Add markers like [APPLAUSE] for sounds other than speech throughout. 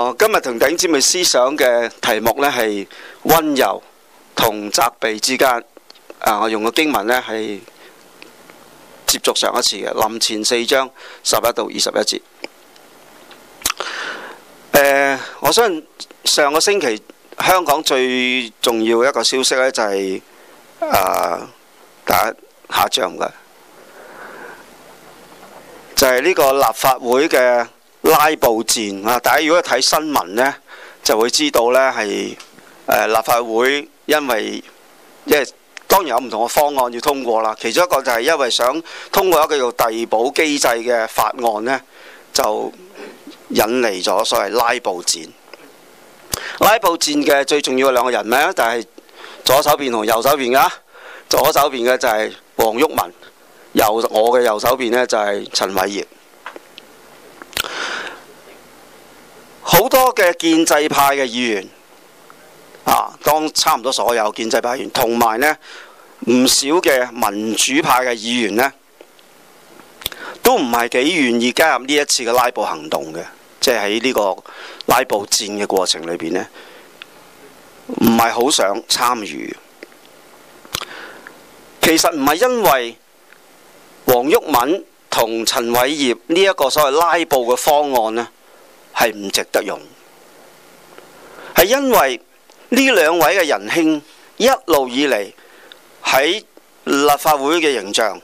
哦，今日同頂姊妹思想嘅題目咧，係溫柔同責備之間。啊，我用個經文咧，係接觸上一次嘅林前四章十一到二十一節。誒，我相信上個星期香港最重要一個消息咧，就係啊打下仗喇，就係呢個立法會嘅。拉布戰啊！大家如果睇新聞呢，就會知道呢係、呃、立法會因為即係當然有唔同嘅方案要通過啦，其中一個就係因為想通過一個叫遞補機制嘅法案呢，就引嚟咗所謂拉布戰。拉布戰嘅最重要嘅兩個人呢，就係、是、左手邊同右手邊嘅。左手邊嘅就係黃毓民，右我嘅右手邊呢就係陳偉業。好多嘅建制派嘅議員啊，當差唔多所有建制派議員，同埋呢唔少嘅民主派嘅議員呢，都唔係幾願意加入呢一次嘅拉布行動嘅，即係喺呢個拉布戰嘅過程裏邊呢，唔係好想參與。其實唔係因為黃毓民同陳偉業呢一個所謂拉布嘅方案呢。係唔值得用，係因為呢兩位嘅仁兄一路以嚟喺立法會嘅形象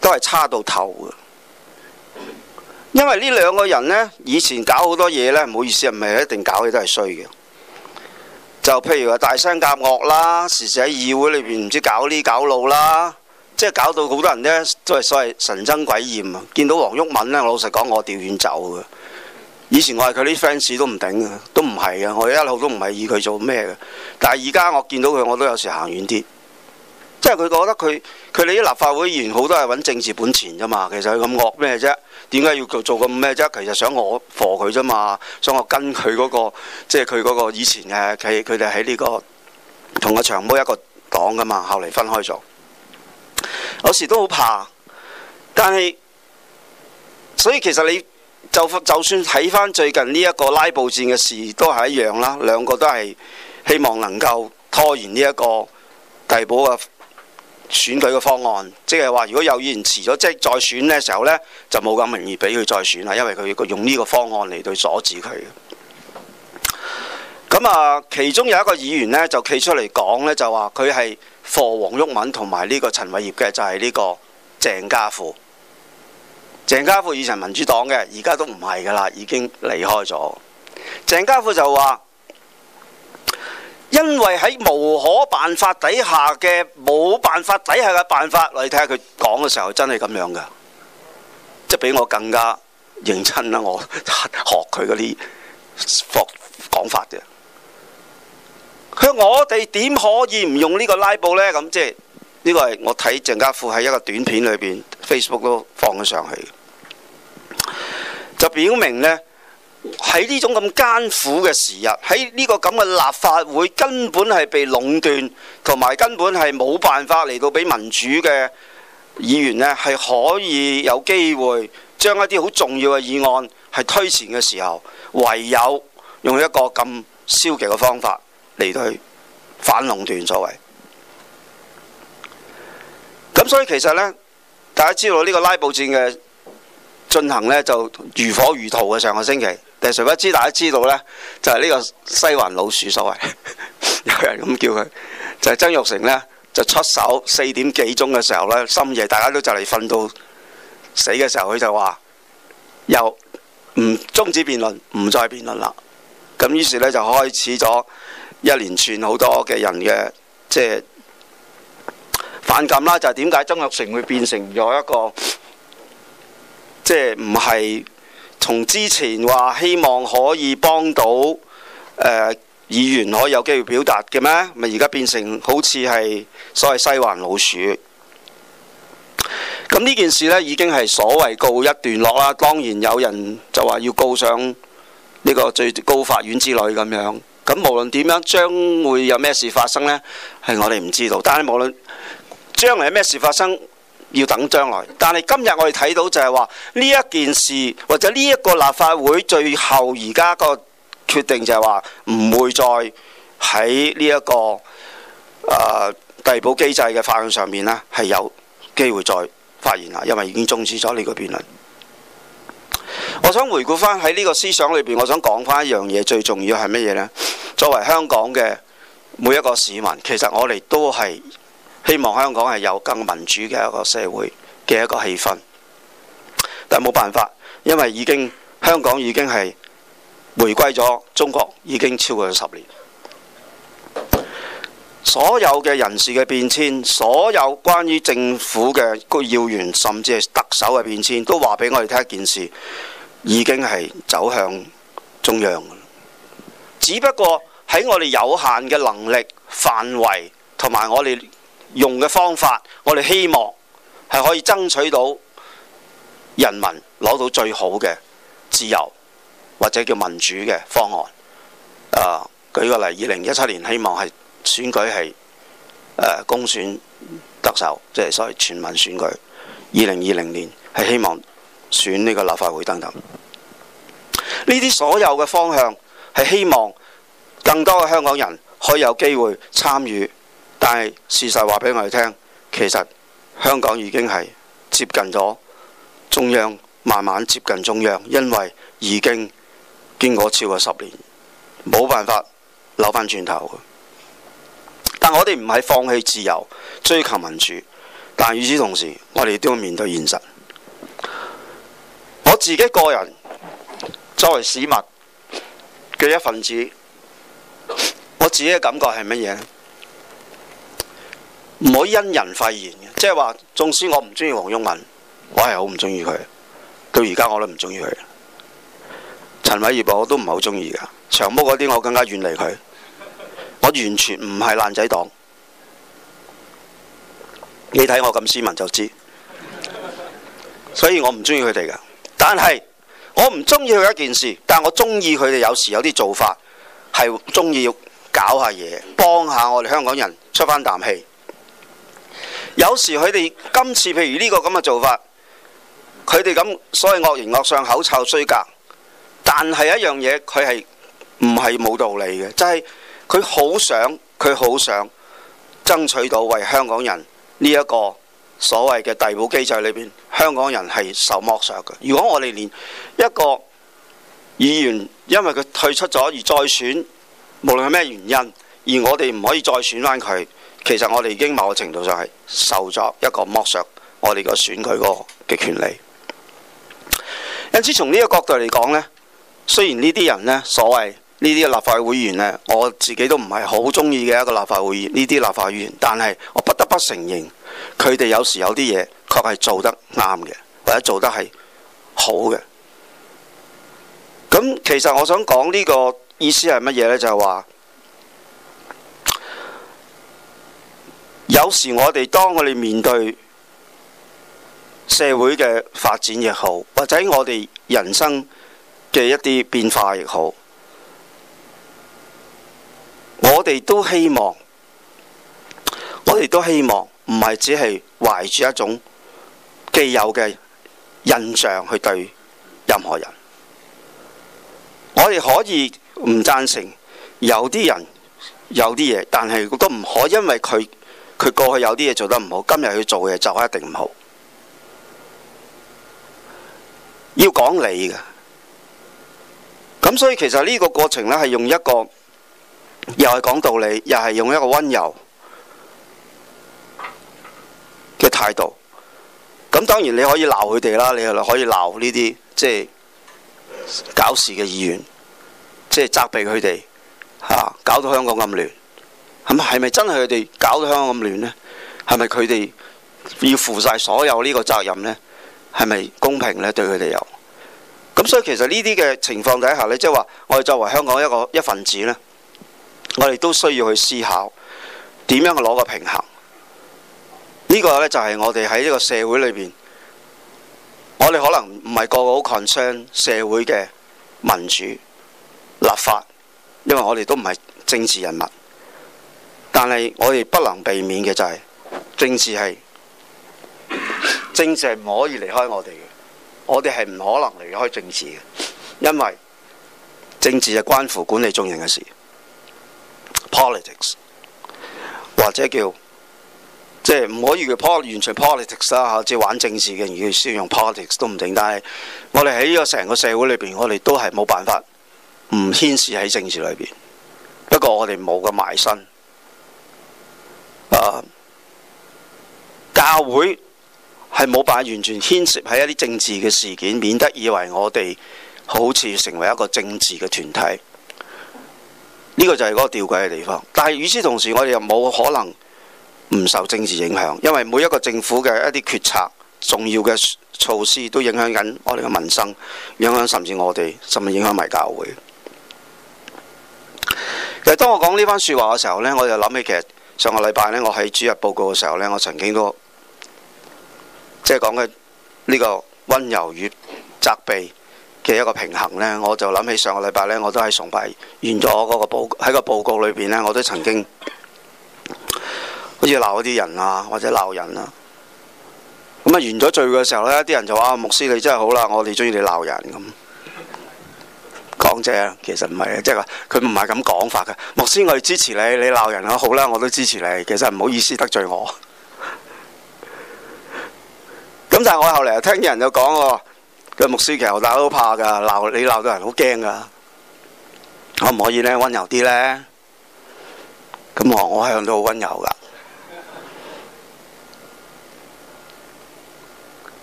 都係差到頭嘅。因為呢兩個人呢，以前搞好多嘢呢，唔好意思，唔係一定搞嘅都係衰嘅。就譬如話大聲夾惡啦，時時喺議會裏邊唔知搞呢搞路啦，即係搞到好多人呢都係所謂神憎鬼厭啊！見到黃毓民呢，老實講，我掉遠走嘅。以前我係佢啲 fans 都唔頂嘅，都唔係嘅，我一路都唔係以佢做咩嘅。但係而家我見到佢，我都有時行遠啲。即係佢覺得佢佢哋啲立法會議員好多係揾政治本錢啫嘛，其實佢咁惡咩啫？點解要做做咁咩啫？其實想我馭佢啫嘛，想我跟佢嗰個即係佢嗰個以前嘅，佢佢哋喺呢個同阿長毛一個黨噶嘛，後嚟分開咗。有時都好怕，但係所以其實你。就就算睇翻最近呢一個拉布戰嘅事，都係一樣啦。兩個都係希望能夠拖延呢一個遞補嘅選舉嘅方案，即係話如果有議員辭咗職再選嘅時候呢，就冇咁容易俾佢再選啦，因為佢用呢個方案嚟去阻止佢。咁啊，其中有一個議員呢，就企出嚟講呢，就話佢係 for 黃毓民，同埋呢個陳偉業嘅，就係、是、呢個鄭家富。鄭家富以前民主黨嘅，而家都唔係噶啦，已經離開咗。鄭家富就話，因為喺無可辦法底下嘅、冇辦法底下嘅辦法，你睇下佢講嘅時候真係咁樣噶，即係比我更加認真啦。我學佢嗰啲講法嘅，佢話我哋點可以唔用呢個拉布呢？咁即係。呢個係我睇鄭家富喺一個短片裏邊，Facebook 都放咗上去，就表明呢，喺呢種咁艱苦嘅時日，喺呢個咁嘅立法會根本係被壟斷，同埋根本係冇辦法嚟到俾民主嘅議員呢係可以有機會將一啲好重要嘅議案係推前嘅時候，唯有用一個咁消極嘅方法嚟到去反壟斷所為。咁所以其實呢，大家知道呢個拉布戰嘅進行呢，就如火如荼嘅上個星期，但係誰不知大家知道呢，就係、是、呢個西環老鼠所謂， [LAUGHS] 有人咁叫佢，就係、是、曾鈺成呢，就出手四點幾鐘嘅時候呢，深夜大家都就嚟瞓到死嘅時候，佢就話又唔終止辯論，唔再辯論啦。咁於是呢，就開始咗一連串好多嘅人嘅即係。反感啦！就係點解曾鈺成會變成咗一個即係唔係從之前話希望可以幫到誒、呃、議員可以有機會表達嘅咩？咪而家變成好似係所謂西環老鼠。咁呢件事呢，已經係所謂告一段落啦。當然有人就話要告上呢個最高法院之類咁樣。咁無論點樣，將會有咩事發生呢？係我哋唔知道。但係無論將來咩事發生要等將來，但係今日我哋睇到就係話呢一件事或者呢一個立法會最後而家個決定就係話唔會再喺呢一個誒遞補機制嘅法案上面呢，係有機會再發現啦，因為已經中止咗呢個辯論。我想回顧翻喺呢個思想裏邊，我想講翻一樣嘢最重要係乜嘢呢？作為香港嘅每一個市民，其實我哋都係。希望香港係有更民主嘅一個社會嘅一個氣氛，但係冇辦法，因為已經香港已經係回歸咗中國已經超過咗十年，所有嘅人事嘅變遷，所有關於政府嘅個要員甚至係特首嘅變遷，都話俾我哋聽一件事，已經係走向中央。只不過喺我哋有限嘅能力範圍同埋我哋用嘅方法，我哋希望係可以爭取到人民攞到最好嘅自由或者叫民主嘅方案。呃，舉個例，二零一七年希望係選舉係、呃、公選特首，即係所謂全民選舉，二零二零年係希望選呢個立法會等等。呢啲所有嘅方向係希望更多嘅香港人可以有機會參與。但係事實話俾我哋聽，其實香港已經係接近咗中央，慢慢接近中央，因為已經經過超過十年，冇辦法扭翻轉頭。但我哋唔係放棄自由，追求民主，但與此同時，我哋都要面對現實。我自己個人作為市民嘅一份子，我自己嘅感覺係乜嘢？唔好因人廢言，即係話，縱使我唔中意黃毓民，我係好唔中意佢，到而家我都唔中意佢。陳偉業我都唔係好中意噶，長毛嗰啲我更加遠離佢，我完全唔係爛仔黨，你睇我咁斯文就知。所以我唔中意佢哋噶，但係我唔中意佢一件事，但係我中意佢哋有時有啲做法係中意要搞下嘢，幫下我哋香港人出翻啖氣。有時佢哋今次譬如呢個咁嘅做法，佢哋咁所謂惡形惡相，口臭衰格，但係一樣嘢佢係唔係冇道理嘅，就係佢好想佢好想爭取到為香港人呢一個所謂嘅遞補機制裏邊，香港人係受剝削嘅。如果我哋連一個議員因為佢退出咗而再選，無論係咩原因，而我哋唔可以再選返佢。其實我哋已經某個程度上係受咗一個剝削，我哋個選舉嗰個嘅權利。因此，從呢一個角度嚟講呢，雖然呢啲人呢，所謂呢啲立法會議員咧，我自己都唔係好中意嘅一個立法會議員，呢啲立法會議員，但係我不得不承認，佢哋有時有啲嘢確係做得啱嘅，或者做得係好嘅。咁其實我想講呢個意思係乜嘢呢？就係話。有時我哋當我哋面對社會嘅發展也好，或者我哋人生嘅一啲變化也好，我哋都希望，我哋都希望唔係只係懷住一種既有嘅印象去對任何人。我哋可以唔贊成有啲人有啲嘢，但係我都唔可因為佢。佢過去有啲嘢做得唔好，今日要做嘅就一定唔好。要講理嘅，咁所以其實呢個過程呢，係用一個又係講道理，又係用一個温柔嘅態度。咁當然你可以鬧佢哋啦，你係可以鬧呢啲即係搞事嘅議員，即係責備佢哋嚇，搞到香港咁亂。咁係咪真係佢哋搞到香港咁亂呢？係咪佢哋要負晒所有呢個責任呢？係咪公平呢？對佢哋有咁，所以其實呢啲嘅情況底下呢，即係話我哋作為香港一個一份子呢，我哋都需要去思考點樣去攞個平衡。呢個呢，就係我哋喺呢個社會裏邊，我哋可能唔係個個好 concern 社會嘅民主立法，因為我哋都唔係政治人物。但係我哋不能避免嘅就係政治係政治係唔可以離開我哋嘅，我哋係唔可能離開政治嘅，因為政治係關乎管理眾人嘅事，politics 或者叫即係唔可以 pol 完全 politics 啦嚇，即係玩政治嘅，如要需要用 politics 都唔定。但係我哋喺呢個成個社會裏邊，我哋都係冇辦法唔牽涉喺政治裏邊。不過我哋冇個埋身。啊、教會係冇辦法完全牽涉喺一啲政治嘅事件，免得以為我哋好似成為一個政治嘅團體。呢個就係嗰個吊詭嘅地方。但係與此同時，我哋又冇可能唔受政治影響，因為每一個政府嘅一啲決策、重要嘅措施，都影響緊我哋嘅民生，影響甚至我哋，甚至影響埋教會。其實當我講呢番說話嘅時候呢，我就諗起其實。上個禮拜呢，我喺主日報告嘅時候呢，我曾經都即係講嘅呢個温柔與責備嘅一個平衡呢，我就諗起上個禮拜呢，我都喺崇拜完咗嗰個報喺個報告裏邊呢，我都曾經好似鬧一啲人啊，或者鬧人啊。咁啊，完咗聚嘅時候呢，啲人就話：牧師你真係好啦，我哋中意你鬧人咁。講啫，其實唔係，即係佢唔係咁講法嘅。牧師，我係支持你，你鬧人啊，好啦，我都支持你。其實唔好意思得罪我。咁 [LAUGHS] 但係我後嚟聽啲人就講喎，佢話牧師，大家都怕㗎，鬧你鬧到人好驚㗎，可唔可以呢？温柔啲呢？咁我我一向都好温柔㗎。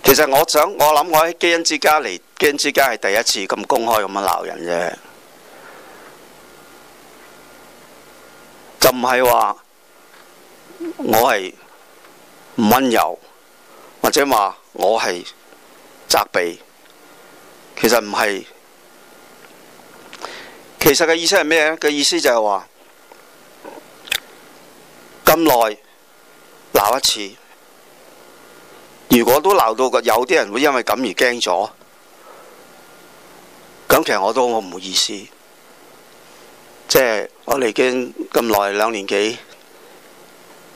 [LAUGHS] 其實我想我諗我喺基因之家嚟。驚之間係第一次咁公開咁樣鬧人啫。就唔係話我係唔温柔，或者話我係責備，其實唔係。其實嘅意思係咩？嘅意思就係話咁耐鬧一次，如果都鬧到個有啲人會因為咁而驚咗。咁其實我都我唔好意思，即係我哋已經咁耐兩年幾，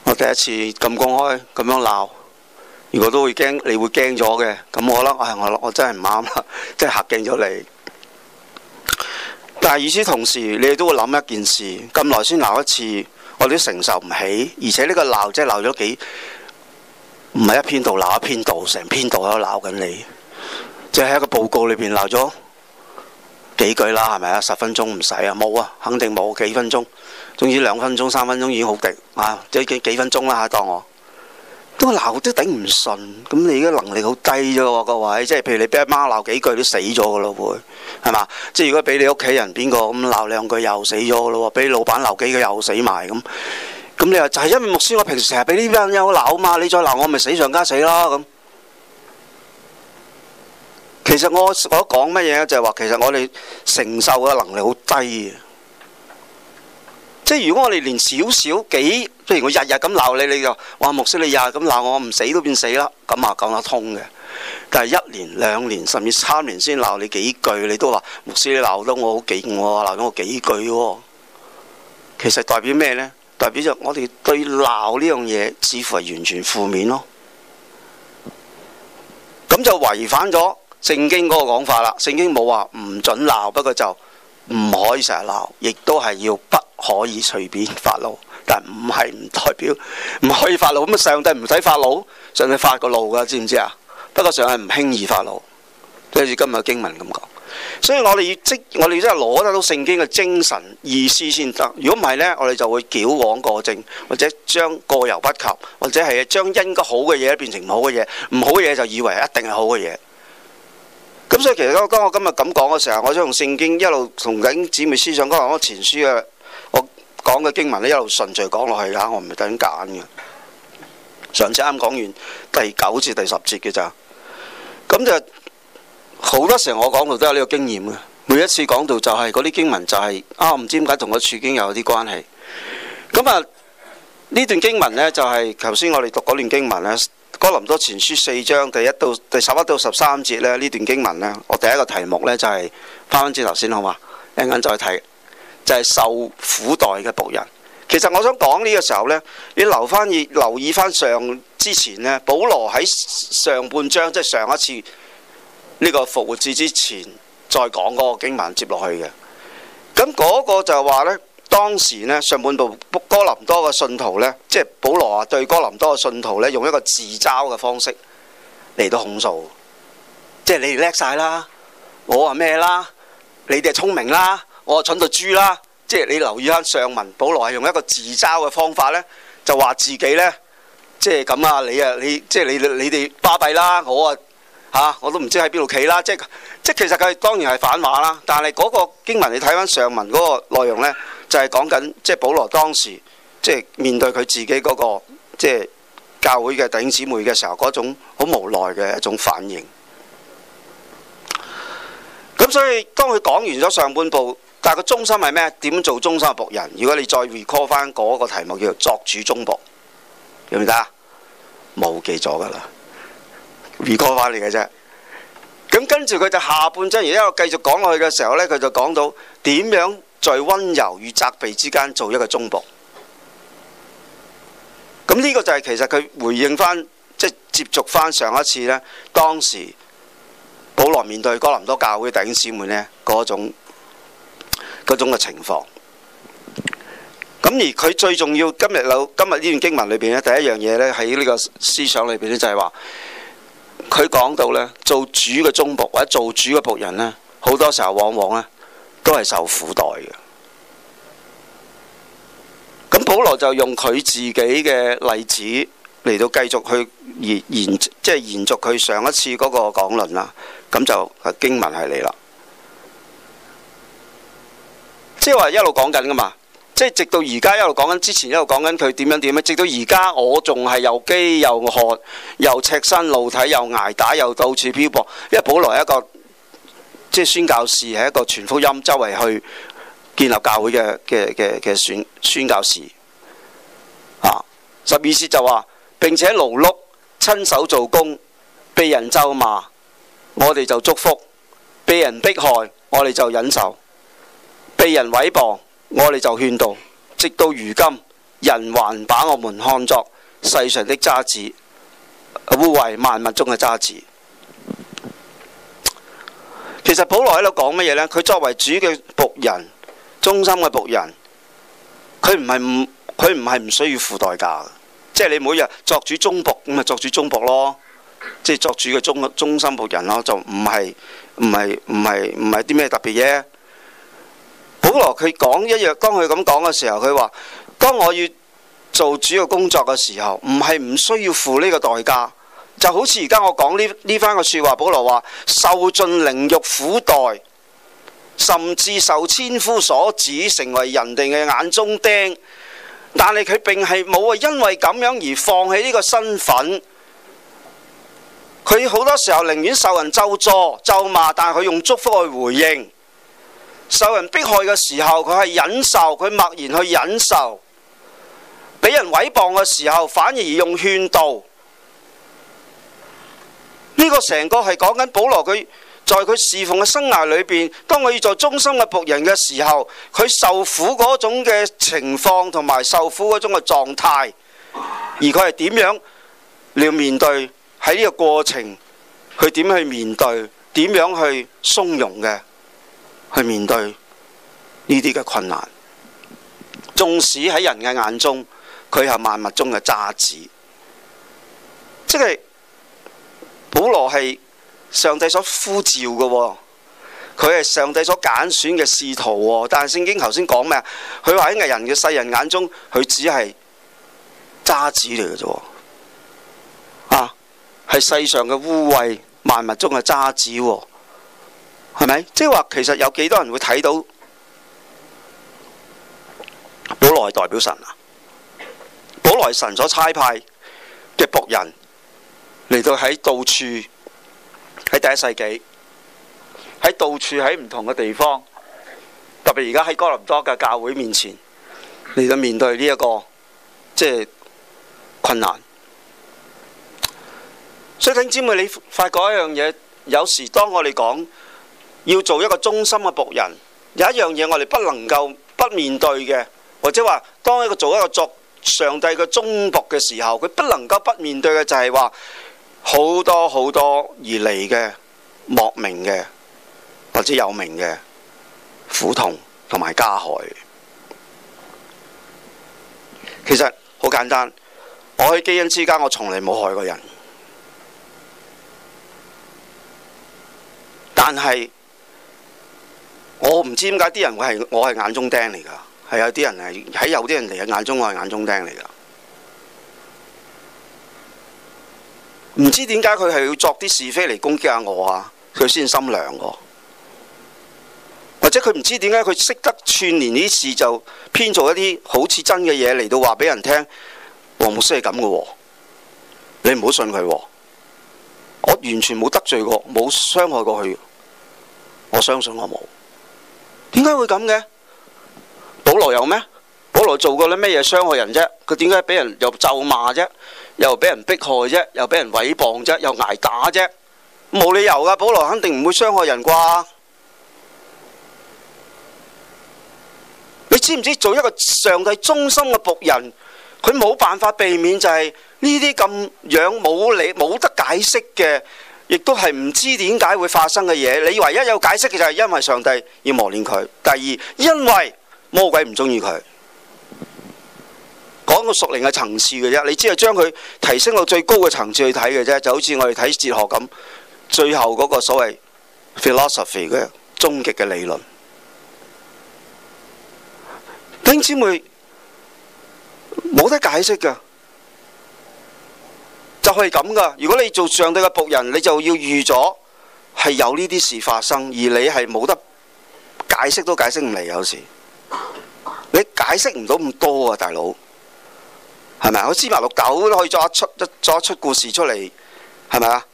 我第一次咁公開咁樣鬧，如果都會驚，你會驚咗嘅。咁我覺得，唉，我我，我真係唔啱啦，即係嚇驚咗你。但係與此同時，你哋都會諗一件事：咁耐先鬧一次，我哋都承受唔起，而且呢個鬧即係鬧咗幾，唔係一篇度鬧一篇度，成篇度喺度鬧緊你，即係喺一個報告裏邊鬧咗。幾句啦，係咪啊？十分鐘唔使啊，冇啊，肯定冇。幾分鐘，總之兩分鐘、三分鐘已經好勁啊，即幾幾分鐘啦、啊，當我都鬧都頂唔順。咁你而家能力好低啫喎，各位。即係譬如你俾阿媽鬧幾句都死咗噶咯，會係嘛？即係如果俾你屋企人邊個咁鬧兩句又死咗噶咯，俾你老闆鬧幾句又死埋咁。咁你話就係、是、因為牧師，我平時成日俾呢班人鬧嘛，你再鬧我咪死上加死咯咁。其實我我講乜嘢咧？就係、是、話其實我哋承受嘅能力好低啊！即係如果我哋連少少幾，譬如我日日咁鬧你，你就哇！牧師你又咁鬧我，我唔死都變死啦！咁啊講得通嘅。但係一年、兩年甚至三年先鬧你幾句，你都話牧師你鬧得我好勁喎，鬧咗我，我幾句喎、哦。其實代表咩呢？代表就我哋對鬧呢樣嘢，似乎係完全負面咯。咁就違反咗。聖經嗰個講法啦，聖經冇話唔準鬧，不過就唔可以成日鬧，亦都係要不可以隨便發怒。但唔係唔代表唔可以發怒。咁啊，上帝唔使發怒，上帝發個怒㗎，知唔知啊？不過上帝唔輕易發怒，跟住今日經文咁講。所以我哋要即我哋即係攞得到聖經嘅精神意思先得。如果唔係呢，我哋就會矯枉過正，或者將過猶不及，或者係將應該好嘅嘢變成唔好嘅嘢，唔好嘅嘢就以為一定係好嘅嘢。咁所以其實當我今日咁講嘅時候，我想用聖經一路同緊姊妹思想嗰個前書嘅我講嘅經文咧，一路順序講落去啦，我唔係特登揀嘅。上次啱講完第九節第十節嘅咋，咁就好多時候我講到都有呢個經驗嘅。每一次講到就係嗰啲經文就係啊，唔知點解同個處境有啲關係。咁啊呢段經文咧就係頭先我哋讀嗰段經文咧。《哥林多前書》四章第一到第十一到十三節咧，呢段經文咧，我第一個題目咧就係翻翻轉頭先好嘛，一陣再睇，就係、是就是、受苦待嘅僕人。其實我想講呢個時候咧，你留翻意留意翻上之前咧，保羅喺上半章即係上一次呢、這個復活節之前再講嗰個經文接落去嘅。咁嗰個就話咧。當時咧，上半部哥林多嘅信徒咧，即係保羅啊，對哥林多嘅信徒咧，用一個自嘲嘅方式嚟到控訴，即係你哋叻晒啦，我話咩啦，你哋係聰明啦，我蠢到豬啦。即係你留意翻上文，保羅係用一個自嘲嘅方法咧，就話自己咧，即係咁啊，你啊，你即係你你哋巴閉啦，我啊嚇、啊、我都唔知喺邊度企啦。即係即係其實佢當然係反話啦，但係嗰個經文你睇翻上文嗰個內容咧。就係講緊，即、就、係、是、保羅當時即係、就是、面對佢自己嗰、那個即係、就是、教會嘅弟兄姊妹嘅時候，嗰種好無奈嘅一種反應。咁所以當佢講完咗上半部，但係個忠心係咩？點做忠心嘅僕人？如果你再 recall 翻嗰個題目叫做作主忠僕，得唔得啊？冇記咗㗎啦 recall 翻嚟嘅啫。咁跟住佢就下半章，而家我繼續講落去嘅時候呢，佢就講到點樣。在溫柔與責備之間做一個忠僕，咁呢個就係其實佢回應翻，即係接續翻上一次呢，當時保羅面對哥林多教會弟兄姊妹呢，嗰種嗰種嘅情況。咁而佢最重要今日有今日呢段經文裏邊呢，第一樣嘢呢喺呢個思想裏邊呢，就係話，佢講到呢：「做主嘅忠僕或者做主嘅僕人呢，好多時候往往呢。」都係受苦代嘅，咁保羅就用佢自己嘅例子嚟到繼續去延延，即係延續佢上一次嗰個講論啦。咁就經文係你啦，即係話一路講緊噶嘛，即係直到而家一路講緊，之前一路講緊佢點樣點樣，直到而家我仲係又飢又渴，又赤身露體，又捱打，又到處漂泊。因為保羅係一個。即係宣教士係一個傳福音周圍去建立教會嘅嘅嘅嘅宣宣教士啊！十二節就話，並且勞碌親手做工，被人咒罵，我哋就祝福；被人迫害，我哋就忍受；被人毀謗，我哋就勸導。直到如今，人還把我們看作世上的渣滓，污穢萬物中嘅渣滓。其實保羅喺度講乜嘢呢？佢作為主嘅僕人，忠心嘅僕人，佢唔係唔佢唔係唔需要付代價嘅，即係你每日作主忠僕咁咪，作主忠僕咯，即係作主嘅忠忠心僕人咯，就唔係唔係唔係唔係啲咩特別嘢。保羅佢講一樣，當佢咁講嘅時候，佢話當我要做主嘅工作嘅時候，唔係唔需要付呢個代價。就好似而家我講呢呢番嘅說話，保羅話受盡凌辱苦待，甚至受千夫所指，成為人哋嘅眼中釘。但係佢並係冇因為咁樣而放棄呢個身份。佢好多時候寧願受人咒詛咒罵，但係佢用祝福去回應。受人迫害嘅時候，佢係忍受，佢默然去忍受。俾人毀謗嘅時候，反而用勸導。呢個成個係講緊保羅佢在佢侍奉嘅生涯裏邊，當佢要做忠心嘅僕人嘅時候，佢受苦嗰種嘅情況同埋受苦嗰種嘅狀態，而佢係點樣要面對喺呢個過程，佢點去面對，點樣去從容嘅去面對呢啲嘅困難，縱使喺人嘅眼中佢係萬物中嘅渣滓，即係。保羅係上帝所呼召嘅，哦，佢係上帝所揀選嘅使徒。但係聖經頭先講咩？佢話喺人嘅世人眼中，佢只係渣子嚟嘅啫。啊，係世上嘅污穢，萬物中嘅渣子，哦，係咪？即係話，其實有幾多人會睇到保羅係代表神啊？保羅係神所差派嘅僕人。嚟到喺到處，喺第一世紀，喺到處喺唔同嘅地方，特別而家喺哥林多嘅教會面前，嚟到面對呢一個即係困難。所以弟兄姊妹，你發覺一樣嘢，有時當我哋講要做一個忠心嘅僕人，有一樣嘢我哋不能夠不面對嘅，或者話當一個做一個作上帝嘅忠僕嘅時候，佢不能夠不面對嘅就係話，好多好多而嚟嘅莫名嘅或者有名嘅苦痛同埋加害，其實好簡單。我喺基恩之家，我從來冇害過人，但係我唔知點解啲人會係我係眼中釘嚟㗎，係有啲人係喺有啲人嚟嘅眼中，我係眼中釘嚟㗎。唔知點解佢係要作啲是非嚟攻擊下我啊，佢先心涼喎。或者佢唔知點解佢識得串連呢啲事，就編造一啲好似真嘅嘢嚟到話俾人聽。黃牧師係咁嘅喎，你唔好信佢喎，哦。我完全冇得罪過，冇傷害過佢。我相信我冇。點解會咁嘅？保羅有咩？保羅做過啲咩嘢傷害人啫？佢點解俾人又咒罵啫？又俾人迫害啫？又俾人毀謗啫？又挨打啫？冇理由噶，保羅肯定唔會傷害人啩？你知唔知做一個上帝忠心嘅僕人，佢冇辦法避免就係呢啲咁樣冇理冇得解釋嘅，亦都係唔知點解會發生嘅嘢。你唯一有解釋嘅就係因為上帝要磨練佢，第二因為魔鬼唔中意佢。個熟齡嘅層次嘅啫，你只係將佢提升到最高嘅層次去睇嘅啫，就好似我哋睇哲學咁，最後嗰個所謂 philosophy 嘅終極嘅理論，丁姊妹冇得解釋噶，就係咁噶。如果你做上帝嘅僕人，你就要預咗係有呢啲事發生，而你係冇得解釋都解釋唔嚟，有時你解釋唔到咁多啊，大佬。係咪我芝麻綠豆都可以作一出一作出一出故事出嚟，係咪啊？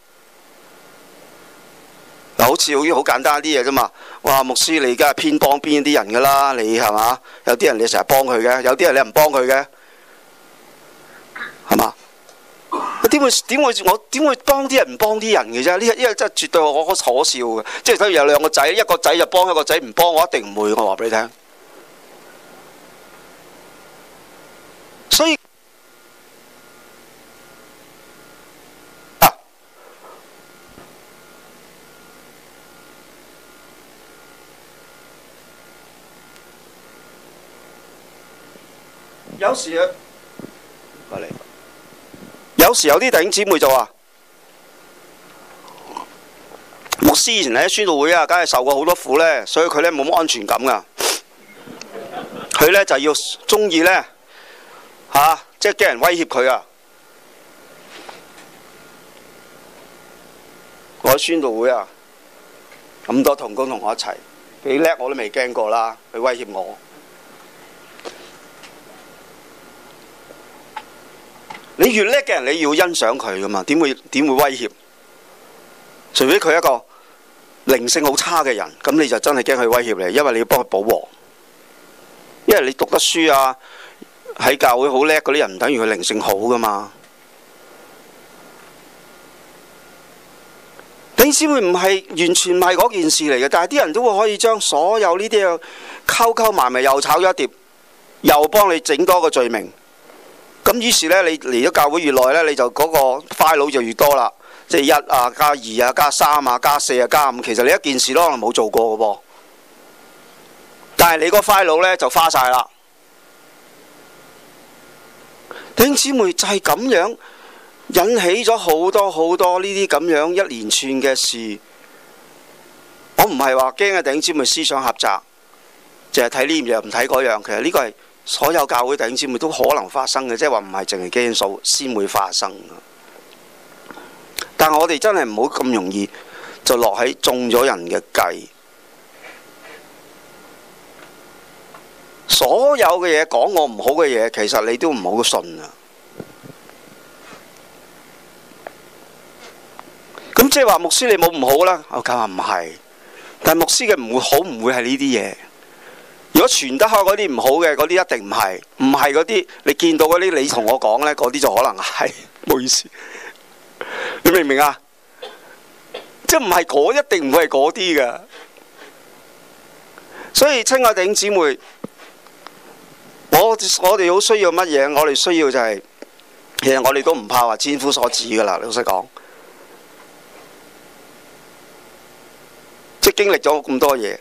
嗱，好似好似好簡單啲嘢啫嘛。哇，牧師，你而家係偏幫邊啲人噶啦？你係嘛？有啲人你成日幫佢嘅，有啲人你唔幫佢嘅，係嘛？點 [LAUGHS] 會點會我點會幫啲人唔幫啲人嘅啫？呢呢真係絕對可可可笑嘅。即係等於有兩個仔，一個仔就幫，一個仔唔幫，我一定唔會。我話俾你聽，所以。有時有時有啲弟兄姊妹就話，牧師以前喺宣道會啊，梗係受過好多苦咧，所以佢咧冇乜安全感噶，佢咧 [LAUGHS] 就要中意咧嚇，即係驚人威脅佢啊！我喺宣道會啊，咁多同工同我一齊，幾叻我都未驚過啦，佢威脅我。你越叻嘅人，你要欣賞佢噶嘛？點會點會威脅？除非佢係一個靈性好差嘅人，咁你就真係驚佢威脅你，因為你要幫佢保和，因為你讀得書啊，喺教會好叻嗰啲人，唔等於佢靈性好噶嘛。點先會唔係完全唔係嗰件事嚟嘅？但係啲人都會可以將所有呢啲嘅溝溝埋埋，埋，埋埋，又炒一碟，又幫你整多個罪名。咁於是呢，你嚟咗教會越耐呢，你就嗰個 file 就越多啦。即係一啊加二啊加三啊加四啊加五，其實你一件事都可能冇做過嘅噃，但係你個 file 呢就花晒啦。 [LAUGHS] 頂姊妹就係咁樣引起咗好多好多呢啲咁樣一連串嘅事。我唔係話驚啊，頂姊妹思想狹窄，淨係睇呢樣唔睇嗰樣，其實呢個係。所有教會弟兄姊妹都可能發生嘅，即係話唔係淨係基恩之家先會發生嘅。但我哋真係唔好咁容易就落喺中咗人嘅計。所有嘅嘢，講我唔好嘅嘢，其實你都唔好信啊。咁即係話牧師你冇唔好啦，我講唔係，但牧師嘅唔好唔會係呢啲嘢。如果傳得開嗰啲唔好嘅，嗰啲一定唔係，唔係嗰啲你見到嗰啲，你同我講呢，嗰啲就可能係。唔 [LAUGHS] 好意思， [LAUGHS] 你明唔明啊？即係唔係嗰一定唔會係嗰啲噶。所以，親愛弟兄姊妹，我我哋好需要乜嘢？我哋需要就係、是，其實我哋都唔怕話千夫所指噶啦。老實講，即係經歷咗咁多嘢。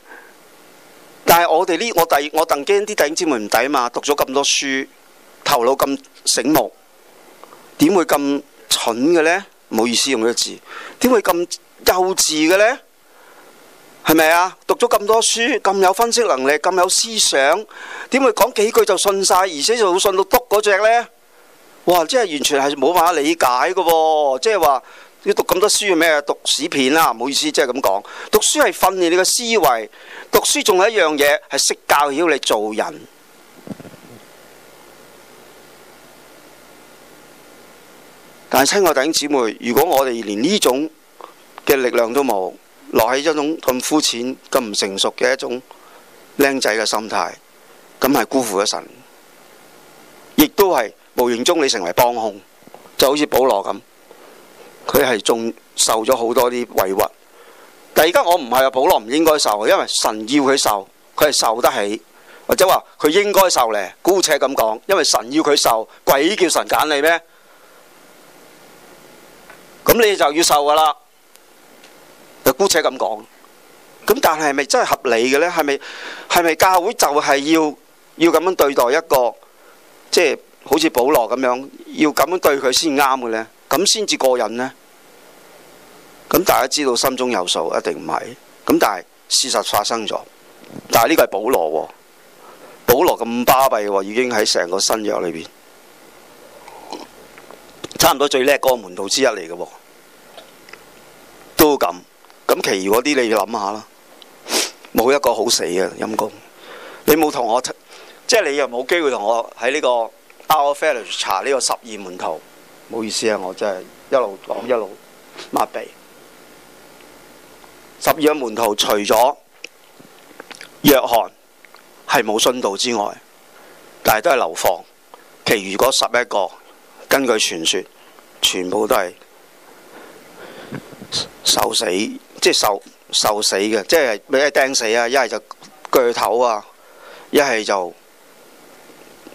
但係我哋呢，我第我鄧驚啲弟兄姊妹唔抵嘛！讀咗咁多書，頭腦咁醒目，點會咁蠢嘅呢？唔好意思用呢個字，點會咁幼稚嘅呢？係咪啊？讀咗咁多書，咁有分析能力，咁有思想，點會講幾句就信晒，而且就信到篤嗰隻呢？哇！即係完全係冇辦法理解嘅喎、哦，即係話。你讀咁多書咩？讀屎片啦！啊，唔好意思，即係咁講。讀書係訓練你嘅思維，讀書仲有一樣嘢，係識教曉你做人。但係親愛弟兄姊妹，如果我哋連呢種嘅力量都冇，落喺一種咁膚淺、咁唔成熟嘅一種靚仔嘅心態，咁係辜負咗神，亦都係無形中你成為幫兇，就好似保羅咁。佢係仲受咗好多啲委屈，但係而家我唔係啊，保羅唔應該受，因為神要佢受，佢係受得起，或者話佢應該受呢。姑且咁講，因為神要佢受，鬼叫神揀你咩？咁你就要受噶啦，就姑且咁講。咁但係咪真係合理嘅呢？係咪係咪教會就係要要咁樣對待一個，即係好似保羅咁樣，要咁樣對佢先啱嘅呢？咁先至過癮呢？咁大家知道心中有數，一定唔係。咁但係事實發生咗，但係呢個係保羅喎，保羅咁巴閉喎，已經喺成個新約裏邊，差唔多最叻嗰個門徒之一嚟嘅喎，都咁。咁其餘嗰啲你要諗下啦，冇一個好死嘅陰功。你冇同我，即係你又冇機會同我喺呢個 Alpha Fellow 查呢個十二門徒。唔好意思啊，我真係一路講一路抹鼻。十二個門徒除咗約翰係冇信道之外，但係都係流放。其餘嗰十一個，根據傳說，全部都係受死，即係受受死嘅，即係俾人釘死啊，一係就鋸頭啊，一係就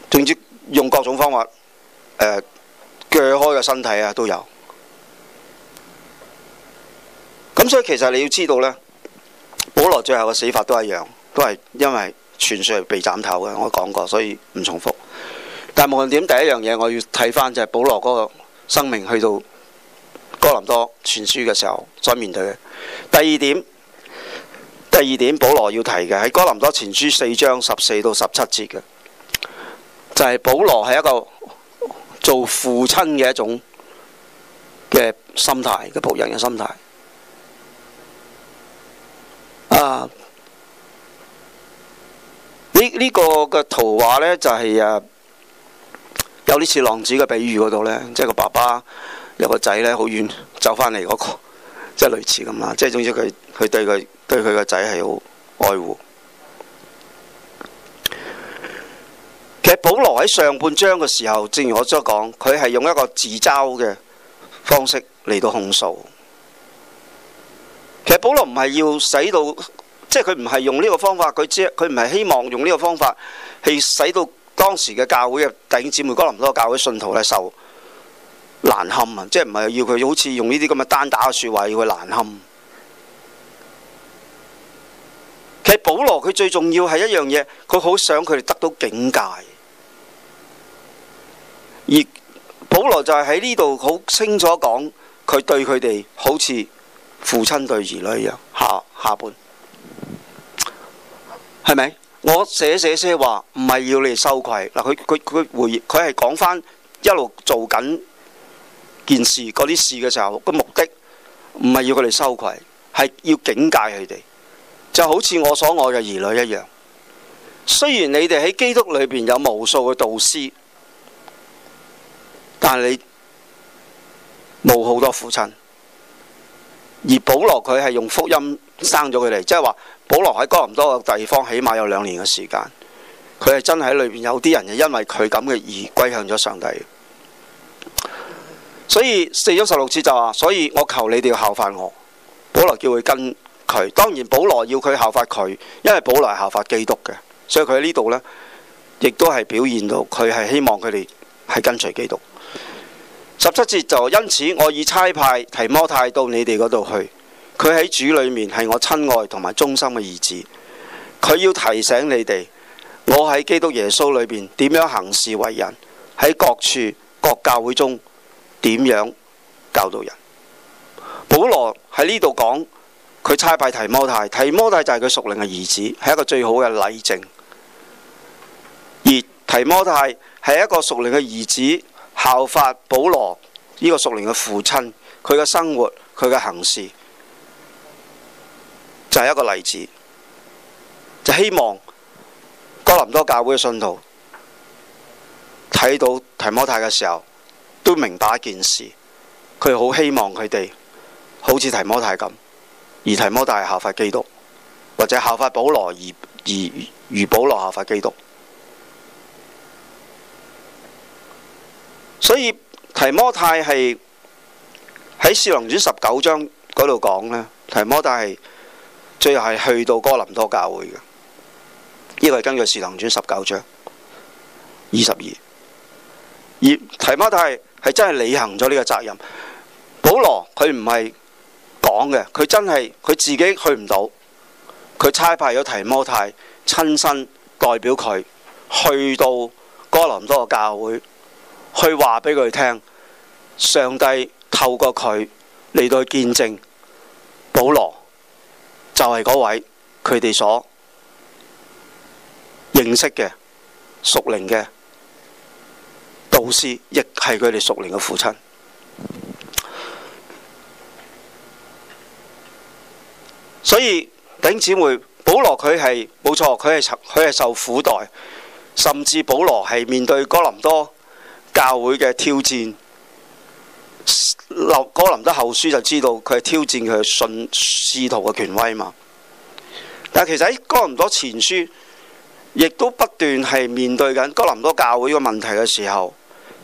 總之用各種方法誒鋸開個身體啊，都有。咁所以其實你要知道呢，保羅最後嘅死法都一樣，都係因為傳說係被斬頭嘅。我講過，所以唔重複。但係無論點，第一樣嘢我要睇翻就係保羅嗰個生命去到哥林多傳書嘅時候再面對嘅。第二點，第二點，保羅要提嘅喺哥林多前書四章十四到十七節嘅，就係、是、保羅係一個做父親嘅一種嘅心態，嘅僕人嘅心態。啊！這個、呢呢個嘅圖畫呢就係、是、啊，有啲似浪子嘅比喻嗰度呢，即係個爸爸有個仔呢，好遠走翻嚟嗰個，即係類似咁啦。即係總之佢佢對佢對佢個仔係好愛護。其實保羅喺上半章嘅時候，正如我所講，佢係用一個自嘲嘅方式嚟到控訴。保羅唔係要使到，即係佢唔係用呢個方法，佢即佢唔係希望用呢個方法係使到當時嘅教會嘅弟兄姊妹，哥林多教會信徒呢受難堪啊！即係唔係要佢好似用呢啲咁嘅單打嘅說話，要佢難堪。其實保羅佢最重要係一樣嘢，佢好想佢哋得到警戒。而保羅就係喺呢度好清楚講，佢對佢哋好似。父親對兒女一樣，下下半，係咪？我寫寫些話，唔係要你哋羞愧嗱，佢佢佢回，佢係講翻一路做緊件事嗰啲事嘅時候，個目的唔係要佢哋羞愧，係要警戒佢哋，就好似我所愛嘅兒女一樣。雖然你哋喺基督裏邊有無數嘅導師，但你冇好多父親。而保羅佢係用福音生咗佢哋，即係話保羅喺哥林多嘅地方，起碼有兩年嘅時間，佢係真喺裏邊有啲人係因為佢咁嘅而歸向咗上帝。所以四章十六節就話，所以我求你哋要效法我。保羅叫佢跟佢，當然保羅要佢效法佢，因為保羅係效法基督嘅，所以佢喺呢度呢，亦都係表現到佢係希望佢哋係跟隨基督。十七節就，因此我已差派提摩太到你哋嗰度去，佢喺主裏面係我親愛同埋忠心嘅兒子，佢要提醒你哋，我喺基督耶穌裏邊點樣行事為人，喺各處各教會中點樣教導，導人。保羅喺呢度講佢差派提摩太，提摩太就係佢屬靈嘅兒子，係一個最好嘅例證。而提摩太係一個屬靈嘅兒子。效法保羅呢、這個熟年嘅父親，佢嘅生活，佢嘅行事，就係、是、一個例子。就是、希望哥林多教會嘅信徒睇到提摩太嘅時候，都明白一件事，佢好希望佢哋好似提摩太咁，而提摩太係效法基督，或者效法保羅，而而如保羅效法基督。所以提摩太係喺《使徒行傳》十九章嗰度講呢，提摩太係最後係去到哥林多教會嘅。呢個係根據《使徒行傳》十九章二十二，而提摩太係真係履行咗呢個責任。保羅佢唔係講嘅，佢真係佢自己去唔到，佢差派咗提摩太親身代表佢去到哥林多嘅教會。去話畀佢哋聽，上帝透過佢嚟到去見證保羅就，就係嗰位佢哋所認識嘅屬靈嘅導師，亦係佢哋屬靈嘅父親。所以頂姊妹，保羅佢係冇錯，佢係佢係受苦待，甚至保羅係面對哥林多。教會嘅挑戰，立哥林多後書就知道佢係挑戰佢信使徒嘅權威嘛。但其實喺哥林多前書，亦都不斷係面對緊哥林多教會嘅問題嘅時候，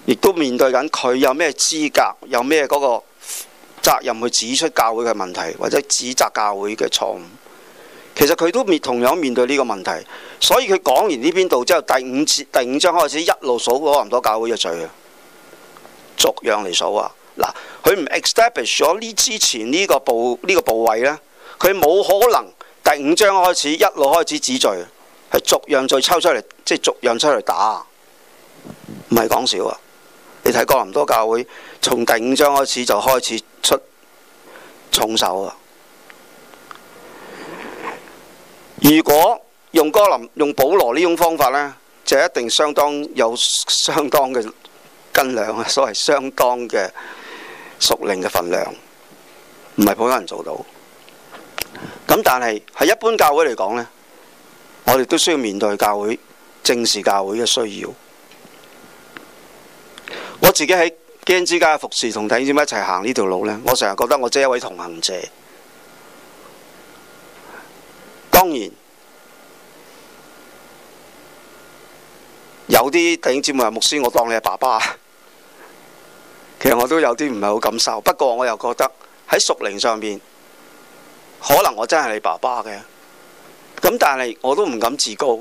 亦都面對緊佢有咩資格，有咩嗰個責任去指出教會嘅問題，或者指責教會嘅錯誤。其實佢都面同樣面對呢個問題，所以佢講完呢邊度之後，第五節第五章開始一路數過哥林多教會嘅罪啊，逐樣嚟數啊。嗱，佢唔 establish 咗呢之前呢個部呢、這個部位呢，佢冇可能第五章開始一路開始止罪，係逐樣再抽出嚟，即係逐樣出嚟打，唔係講笑啊！你睇過哥林多教會，從第五章開始就開始出重手啊！如果用哥林用保羅呢種方法呢，就一定相當有相當嘅斤兩啊，所謂相當嘅熟齡嘅份量，唔係普通人做到。咁但係喺一般教會嚟講呢，我哋都需要面對教會、正視教會嘅需要。我自己喺基恩之家服侍同弟兄姊妹一齊行呢條路呢，我成日覺得我即係一位同行者。當然有啲弟兄姊妹話牧師，我當你係爸爸，其實我都有啲唔係好感受。不過我又覺得喺熟齡上面，可能我真係你爸爸嘅。咁但係我都唔敢自高，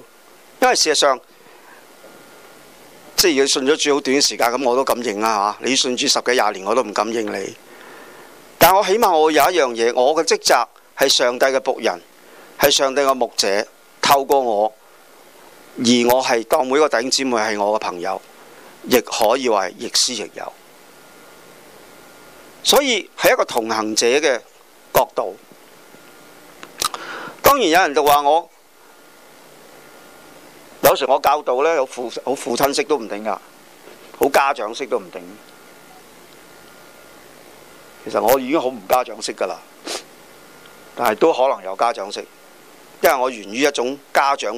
因為事實上即係要信咗主好短嘅時間，咁我都敢認啦，吓，你信主十幾廿年，我都唔敢認你。但我起碼我有一樣嘢，我嘅職責係上帝嘅僕人。係上帝嘅牧者，透過我，而我係當每個弟兄姊妹係我嘅朋友，亦可以話係亦師亦友。所以係一個同行者嘅角度。當然有人就話我有時我教導咧，好父好父親式都唔定㗎，好家長式都唔定。其實我已經好唔家長式㗎啦，但係都可能有家長式。因為我源於一種家長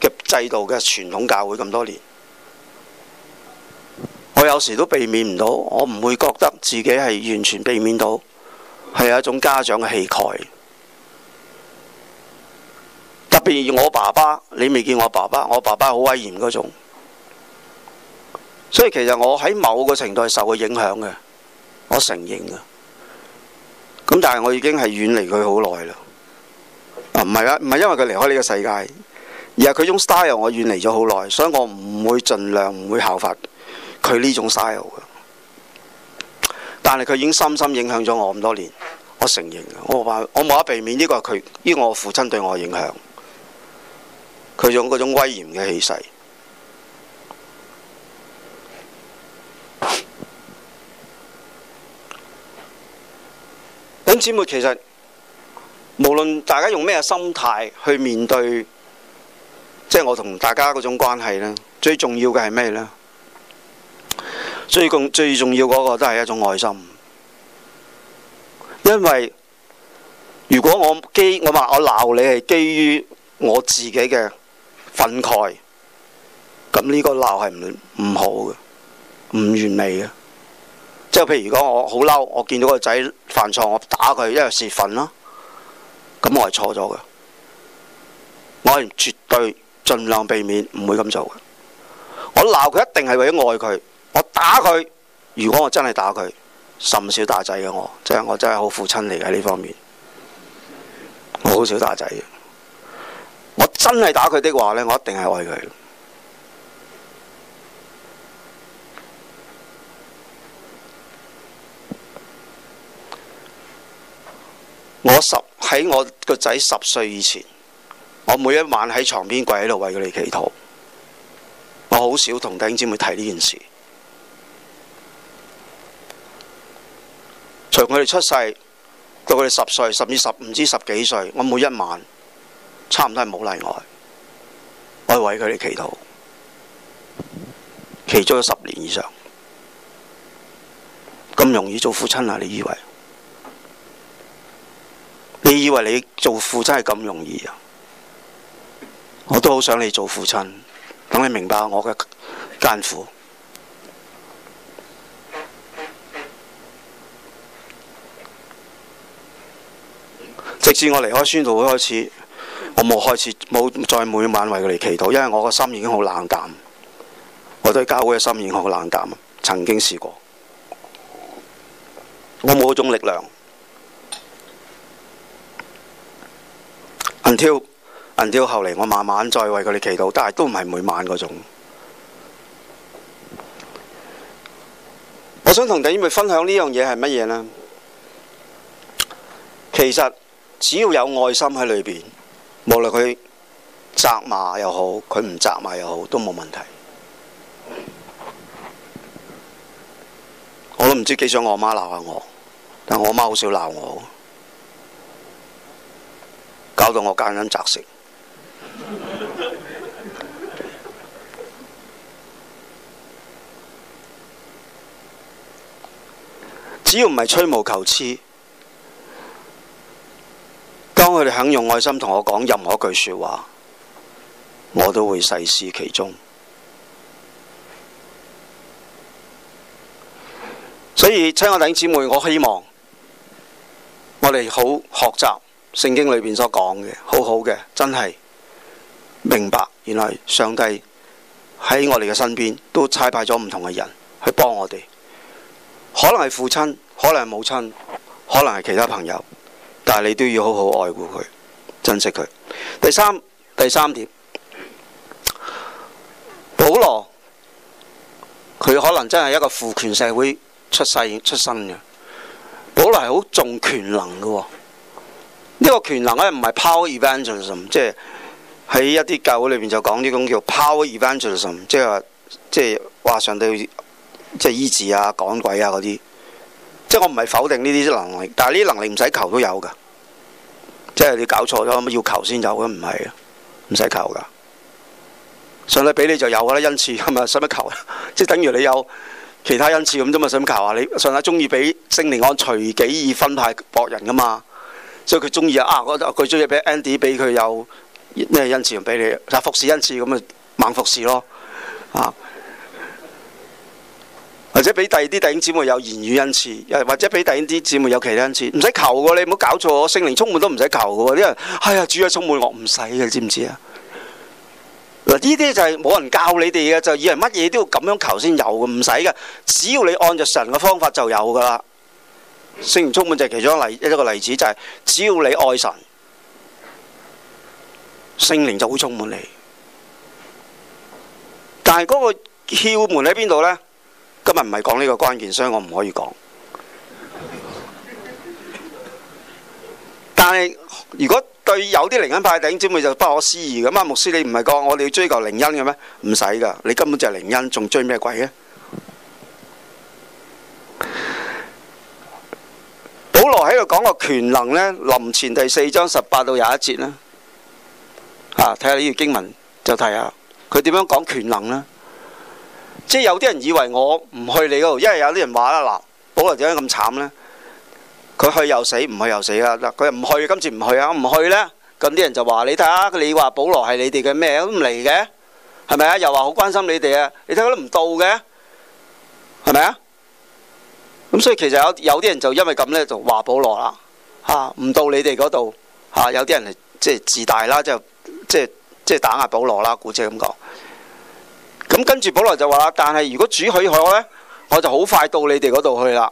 嘅制度嘅傳統教會咁多年，我有時都避免唔到，我唔會覺得自己係完全避免到，係一種家長嘅氣概。特別以我爸爸，你未見我爸爸，我爸爸好威嚴嗰種，所以其實我喺某個程度係受佢影響嘅，我承認嘅。咁但係我已經係遠離佢好耐啦。唔係啊，唔係因為佢離開呢個世界，而係佢種 style 我遠離咗好耐，所以我唔會盡量唔會效法佢呢種 style。但係佢已經深深影響咗我咁多年，我承認，我冇辦法避免呢、這個係佢，依、這個、我父親對我嘅影響。佢用種威嚴嘅氣勢，咁姊妹其實。無論大家用咩心態去面對，即係我同大家嗰種關係呢，最重要嘅係咩呢？最重最重要嗰個都係一種愛心，因為如果我基我話我鬧你係基於我自己嘅憤慨，咁呢個鬧係唔唔好嘅，唔完美嘅。即係譬如，如果我好嬲，我見到個仔犯錯，我打佢，因為泄憤咯。咁我係錯咗嘅，我係絕對盡量避免唔會咁做嘅。我鬧佢一定係為咗愛佢，我打佢。如果我真係打佢，甚少打仔嘅我，即係我真係好父親嚟嘅呢方面，我好少打仔嘅。我真係打佢的話呢，我一定係愛佢。我十喺我個仔十歲以前，我每一晚喺床邊跪喺度為佢哋祈禱。我好少同弟兄姊妹提呢件事，從佢哋出世到佢哋十歲，甚至十五至十幾歲，我每一晚差唔多係冇例外，我為佢哋祈禱，祈咗十年以上，咁容易做父親啊？你以為？你以為你做父親係咁容易啊？我都好想你做父親，等你明白我嘅艱苦。直至我離開宣道會開始，我冇開始冇再每晚為佢哋祈禱，因為我個心已經好冷淡，我對教會嘅心已經好冷淡。曾經試過，我冇嗰種力量。銀條，銀條，後嚟我慢慢再為佢哋祈禱，但係都唔係每晚嗰種。我想同弟兄姊妹分享呢樣嘢係乜嘢呢？其實只要有愛心喺裏邊，無論佢責罵又好，佢唔責罵又好，都冇問題。我都唔知幾想我媽鬧下我，但我媽好少鬧我。搞到我感恩摘食， [LAUGHS] 只要唔係吹毛求疵，當佢哋肯用愛心同我講任何一句說話，我都會細思其中。所以，親愛的姊妹，我希望我哋好學習。聖經裏邊所講嘅，好好嘅，真係明白。原來上帝喺我哋嘅身邊，都差派咗唔同嘅人去幫我哋。可能係父親，可能係母親，可能係其他朋友，但係你都要好好愛護佢，珍惜佢。第三第三點，保羅佢可能真係一個父權社會出世出身嘅，保羅係好重權能嘅喎。個權能咧，唔係 power evangelism，即係喺一啲教會裏邊就講啲咁叫 power evangelism，即係即係話上帝要，即係醫治啊、趕鬼啊嗰啲，即係我唔係否定呢啲能力，但係呢啲能力唔使求都有噶，即係你搞錯咗，要求先有嘅唔係啊，唔使求噶，上帝俾你就有啦，恩賜係咪？使乜求 [LAUGHS] 即係等於你有其他恩賜咁啫嘛，使乜求啊？你上帝中意俾聖靈按隨己意分派各人噶嘛？所以佢中意啊！啊，佢中意俾 Andy 俾佢有咩恩賜俾你啊？服侍恩賜咁啊，就猛服侍咯啊！或者俾第二啲弟兄姊妹有言語恩賜，又或者俾第二啲姊妹有其他恩賜，唔使求噶，你唔好搞錯，我聖靈充滿都唔使求噶，因為係啊、哎，主要充滿我唔使嘅，你知唔知啊？嗱，呢啲就係冇人教你哋嘅，就以為乜嘢都要咁樣求先有嘅，唔使嘅，只要你按着神嘅方法就有噶啦。聖靈充滿就係其中一例，一個例子就係只要你愛神，聖靈就會充滿你。但係嗰個竅門喺邊度呢？今日唔係講呢個關鍵，所以我唔可以講。但係如果對有啲靈恩派頂尖嘅就不可思議咁啊！牧師，你唔係講我哋要追求靈恩嘅咩？唔使噶，你根本就係靈恩，仲追咩鬼啊？保羅喺度講個權能咧，林前第四章十八到廿一節啦，啊，睇下呢條經文就睇下佢點樣講權能啦。即係有啲人以為我唔去你嗰度，因為有啲人話啦，嗱，保羅點解咁慘咧？佢去又死，唔去又死啦。佢又唔去，今次唔去啊，唔去咧。咁啲人就話你睇下，你話保羅係你哋嘅咩都唔嚟嘅，係咪啊？又話好關心你哋啊，你睇佢都唔到嘅，係咪啊？咁所以其實有有啲人就因為咁呢，就話保羅啦，嚇、啊、唔到你哋嗰度嚇。有啲人係即係自大啦，就即係即係打壓保羅啦，估似咁講。咁、啊、跟住保羅就話啦，但係如果主許可呢，我就好快到你哋嗰度去啦。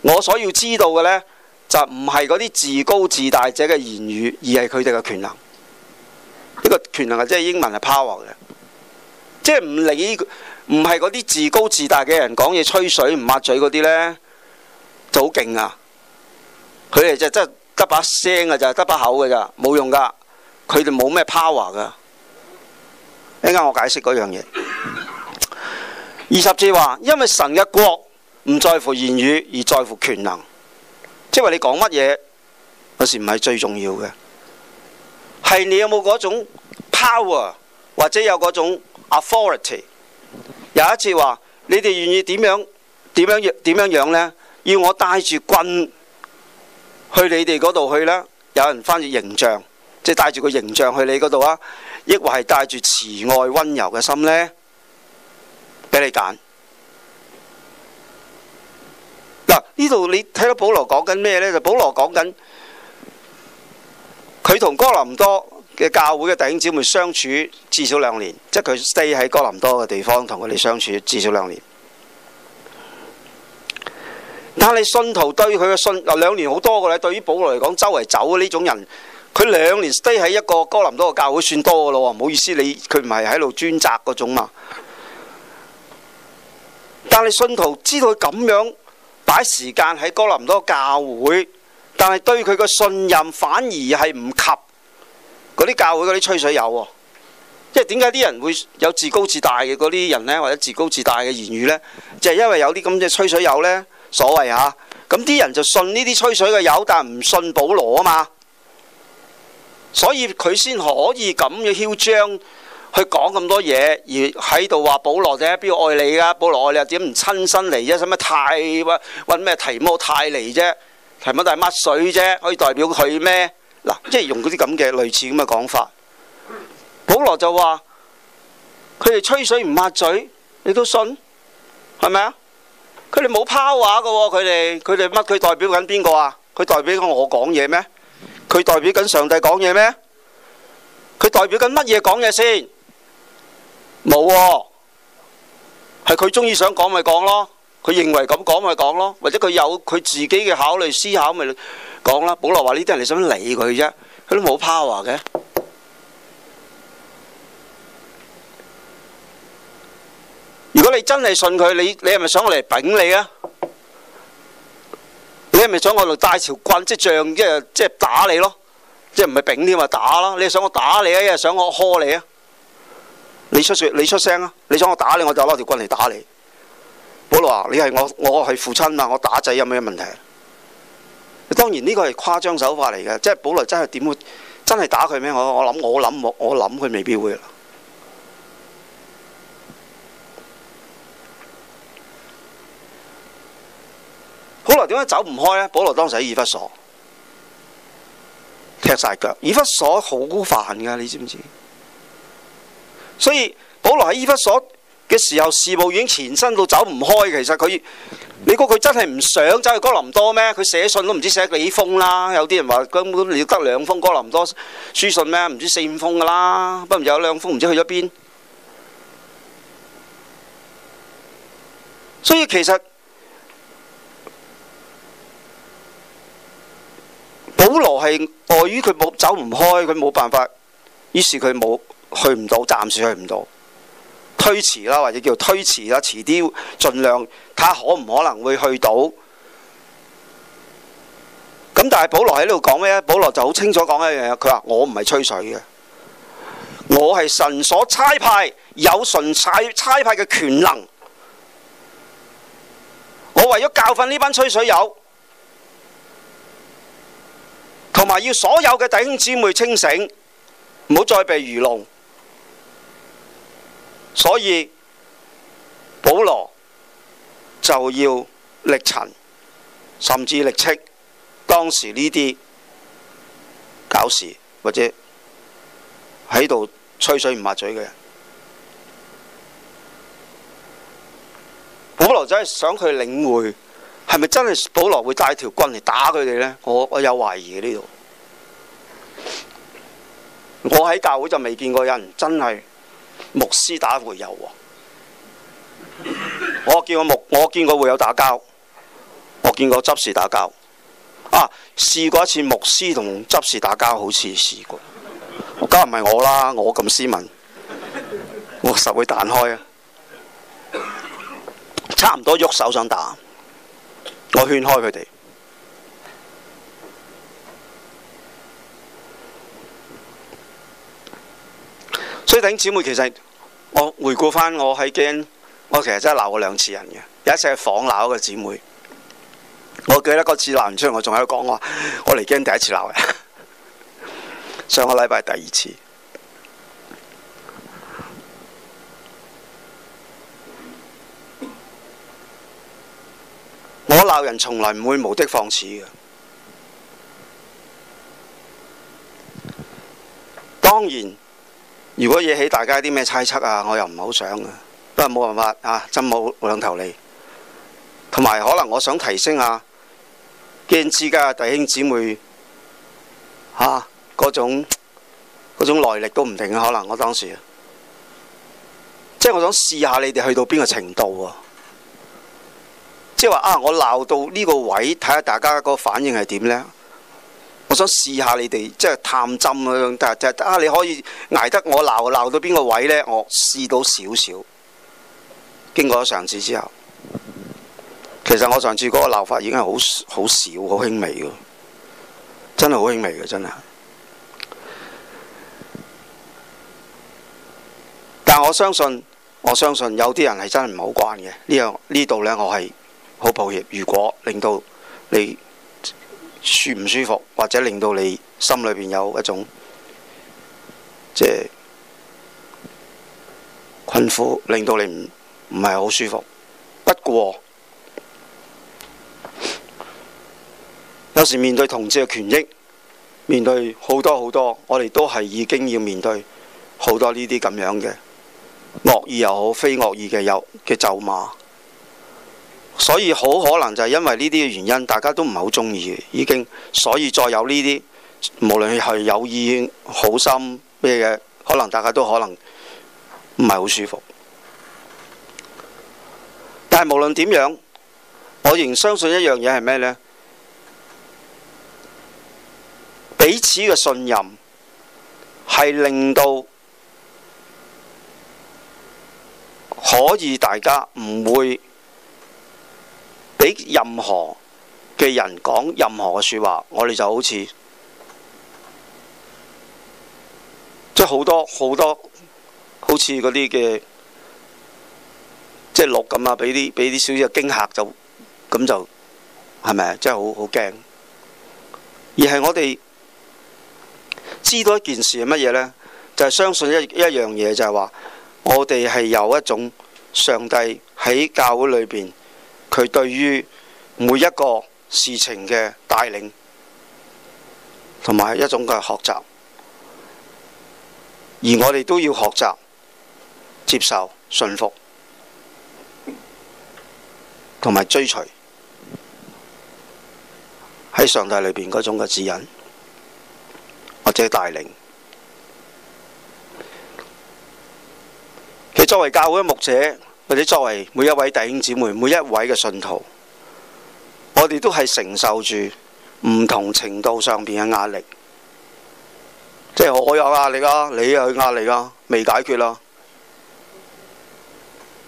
我所要知道嘅呢，就唔係嗰啲自高自大者嘅言語，而係佢哋嘅權能。呢、這個權能啊，即係英文係 power 嘅，即係唔理。唔係嗰啲自高自大嘅人講嘢吹水唔抹嘴嗰啲呢，就好勁啊！佢哋就真係得把聲㗎咋，得把口㗎咋，冇用噶。佢哋冇咩 power 噶。一陣間我解釋嗰樣嘢。二十節話，因為神嘅國唔在乎言語，而在乎權能，即係話你講乜嘢嗰時唔係最重要嘅，係你有冇嗰種 power 或者有嗰種 authority。有一次話：你哋願意點樣點樣點樣樣咧？要我帶住棍去你哋嗰度去咧？有人翻住形象，即係帶住個形象去你嗰度啊！抑或係帶住慈愛溫柔嘅心呢？畀你揀嗱，呢度你睇到保羅講緊咩呢？就係保羅講緊佢同哥林多。嘅教會嘅弟兄姊妹相處至少兩年，即係佢 stay 喺哥林多嘅地方同佢哋相處至少兩年。但係你信徒對佢嘅信，兩年好多嘅啦。對於保羅嚟講，周圍走嘅呢種人，佢兩年 stay 喺一個哥林多嘅教會算多嘅咯。唔好意思，你佢唔係喺度專責嗰種嘛。但係信徒知道佢咁樣擺時間喺哥林多教會，但係對佢嘅信任反而係唔及。嗰啲教會嗰啲吹水友喎、哦，即係點解啲人會有自高自大嘅嗰啲人呢？或者自高自大嘅言語呢？就係、是、因為有啲咁嘅吹水友呢，所謂嚇、啊，咁啲人就信呢啲吹水嘅友，但唔信保羅啊嘛，所以佢先可以咁嘅囂張去講咁多嘢，而喺度話保羅點解邊個愛你噶？保羅愛你又點唔親身嚟啫？使乜太揾咩提摩太嚟啫？提摩太乜水啫？可以代表佢咩？嗱，即係用嗰啲咁嘅類似咁嘅講法，保羅就話：佢哋吹水唔抹嘴，你都信係咪啊？佢哋冇拋話嘅喎，佢哋佢哋乜佢代表緊邊個啊？佢代表緊我講嘢咩？佢代表緊上帝講嘢咩？佢代表緊乜嘢講嘢先？冇喎，係佢中意想講咪講咯，佢認為咁講咪講咯，或者佢有佢自己嘅考慮思考咪？講啦，保羅話呢啲人你想理佢啫，佢都冇 power 嘅。如果你真係信佢，你你係咪想我嚟丙你啊？你係咪想我度帶條棍即仗即係即係打你咯？即係唔係丙啲咪打咯？你想我打你啊？又想我呵你啊？你出說你出聲啊！你想我打你，我就攞條棍嚟打你。保羅話你係我我係父親啊，我打仔有咩問題？當然呢個係誇張手法嚟嘅，即係保羅真係點會真係打佢咩？我我諗我諗我諗佢未必會。保羅點解走唔開咧？保羅當時喺以弗所踢晒腳，以弗所好煩噶，你知唔知？所以保羅喺以弗所嘅時候，事務已經纏身到走唔開。其實佢。你估佢真係唔想走去哥林多咩？佢寫信都唔知寫幾封啦。有啲人話根本你得兩封哥林多書信咩？唔知四五封噶啦，不過有兩封唔知去咗邊。所以其實保羅係礙於佢冇走唔開，佢冇辦法，於是佢冇去唔到，暫時去唔到。推遲啦，或者叫推遲啦，遲啲盡量睇下可唔可能會去到。咁但係保羅喺呢度講咩咧？保羅就好清楚講一樣嘢，佢話我唔係吹水嘅，我係神所差派有神差差派嘅權能。我為咗教訓呢班吹水友，同埋要所有嘅弟兄姊妹清醒，唔好再被愚弄。所以，保羅就要力陳，甚至力斥當時呢啲搞事或者喺度吹水唔抹嘴嘅人。保羅真係想去領會，係咪真係保羅會帶條棍嚟打佢哋呢？我我有懷疑呢度。我喺教會就未見過有人真係。牧師打會友喎，啊，我見過牧，我見過會友打交，我見過執事打交，啊，試過一次牧師同執事打交，好似試過，梗唔係我啦，我咁斯文，我實會彈開啊，差唔多喐手想打，我勸開佢哋。所以弟兄姊妹其實，我回顧返我喺基恩，我其實真係鬧過兩次人嘅。有一次係房鬧一個姊妹，我記得嗰次鬧完之後，我仲喺度講我話：我嚟基恩第一次鬧人。 [LAUGHS] 上個禮拜第二次。我鬧人從來唔會無的放矢嘅，當然。如果惹起大家啲咩猜測啊，我又唔係好想啊。都係冇辦法啊，真冇兩頭利。同埋可能我想提升下，基恩之家弟兄姊妹啊，嗰種嗰種耐力都唔定啊。可能我當時啊，即係我想試下你哋去到邊個程度啊。即係話啊，我鬧到呢個位，睇下大家個反應係點呢？我想試下你哋即係探針嗰種，啊，你可以捱得我鬧鬧到邊個位呢？我試到少少。經過咗上次之後，其實我上次嗰個鬧法已經係好好少、好輕微嘅，真係好輕微嘅，真係。但我相信，我相信有啲人係真係唔好慣嘅。呢個、呢樣呢度咧，我係好抱歉。如果令到你，舒唔舒服，或者令到你心裏邊有一種，即係困苦，令到你唔唔係好舒服。不過有時面對同志嘅權益，面對好多好多，我哋都係已經要面對好多呢啲咁樣嘅惡意又好、非惡意嘅又嘅咒罵。所以好可能就係因為呢啲嘅原因，大家都唔係好中意已經。所以再有呢啲，無論係有意好心咩嘅，可能大家都可能唔係好舒服。但係無論點樣，我仍相信一樣嘢係咩呢？彼此嘅信任係令到可以大家唔會。俾任何嘅人講任何嘅說話，我哋就好似即係好多好多，好似嗰啲嘅即係落咁啊！俾啲俾啲少少嘅驚嚇就咁就係咪啊？真係好好驚！而係我哋知道一件事係乜嘢呢？就係、是、相信一一樣嘢，就係話我哋係有一種上帝喺教會裏邊。佢對於每一個事情嘅帶領，同埋一種嘅學習，而我哋都要學習、接受、信服，同埋追隨喺上帝裏邊嗰種嘅指引或者帶領。佢作為教會嘅牧者，或者作為每一位弟兄姊妹、每一位嘅信徒，我哋都係承受住唔同程度上邊嘅壓力，即係我有壓力啊，你有壓力啊，未解決啊，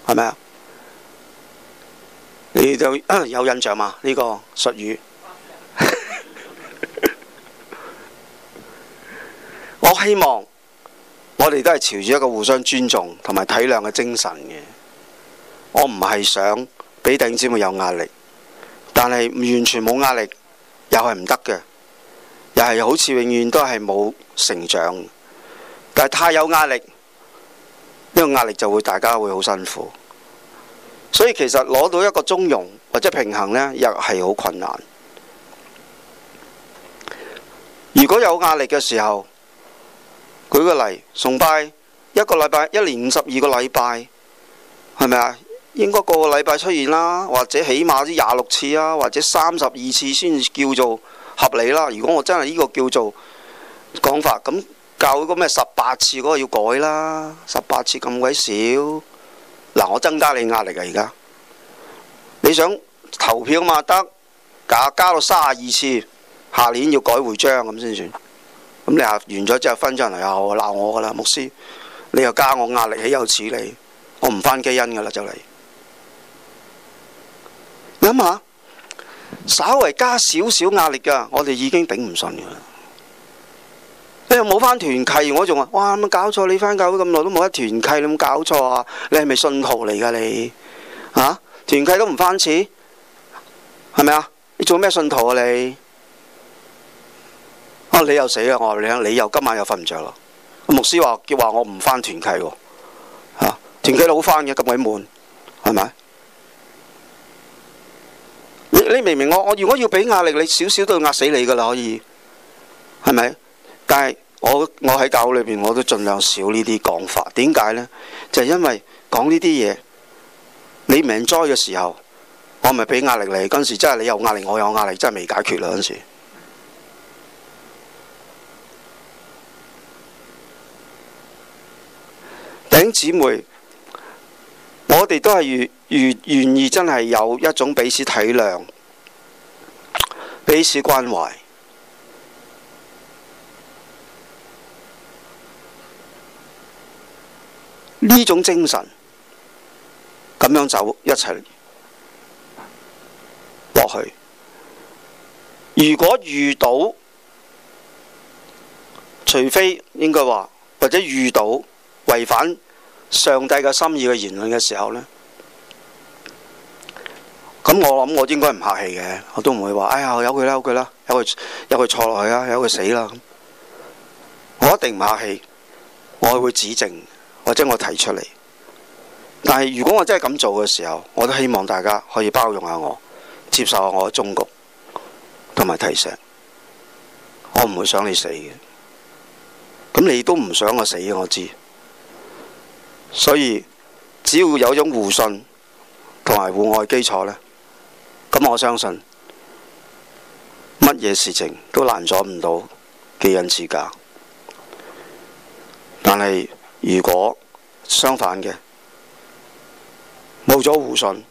係咪啊？你就有，有印象嘛？呢、呢個術語， [LAUGHS] 我希望我哋都係朝住一個互相尊重同埋體諒嘅精神嘅。我唔係想俾弟兄姊妹有壓力，但係完全冇壓力又係唔得嘅，又係好似永遠都係冇成長。但係太有壓力，呢個壓力就會大家會好辛苦。所以其實攞到一個中庸或者平衡呢，又係好困難。如果有壓力嘅時候，舉個例，崇拜一個禮拜，一年五十二個禮拜，係咪啊？應該個個禮拜出現啦，或者起碼啲廿六次啊，或者三十二次先叫做合理啦。如果我真係呢個叫做講法咁，教會嗰咩十八次嗰個要改啦，十八次咁鬼少嗱，我增加你壓力啊！而家你想投票嘛得加，加到三十二次，下年要改回章咁先算咁。你下完咗之後分，分陣嚟又鬧我噶啦，牧師你又加我壓力，豈有此理，我唔返基恩噶啦，就嚟、是。諗下，稍微加少少壓力噶，我哋已經頂唔順噶啦。你又冇返團契，我仲話，哇，咁搞錯！你返教會咁耐都冇得團契，你咁搞錯啊！你係咪信徒嚟噶你？啊，團契都唔返錢，係咪啊？你做咩信徒啊你？啊，你又死啦！我話你，你又今晚又瞓唔着咯。牧師話叫話我唔返團契喎，吓、啊，團契都好返嘅，咁鬼悶，係咪？你明明，我我如果要畀壓力，你少少都要壓死你噶啦，可以係咪？但係我我喺教會裏邊，我都儘量少呢啲講法。點解呢？就係、因為講呢啲嘢，你命災嘅時候，我咪畀壓力你。嗰陣時真係你有壓力，我有壓力，真係未解決啦。嗰陣時，頂姊妹，我哋都係越越願意真係有一種彼此體諒，彼此關懷，呢種精神咁樣就一齊落去。如果遇到，除非應該話，或者遇到違反上帝嘅心意嘅言論嘅時候呢。咁我諗我應該唔客氣嘅，我都唔會話哎呀，由佢啦，由佢啦，由佢由佢錯落去啦，由佢死啦。我一定唔客氣，我會指正或者我提出嚟。但係如果我真係咁做嘅時候，我都希望大家可以包容下我，接受下我嘅忠告同埋提醒。我唔會想你死嘅，咁你都唔想我死，我知。所以只要有一種互信同埋互愛基礎呢。咁我相信乜嘢事情都難阻唔到基恩之家。但係如果相反嘅，冇咗互信，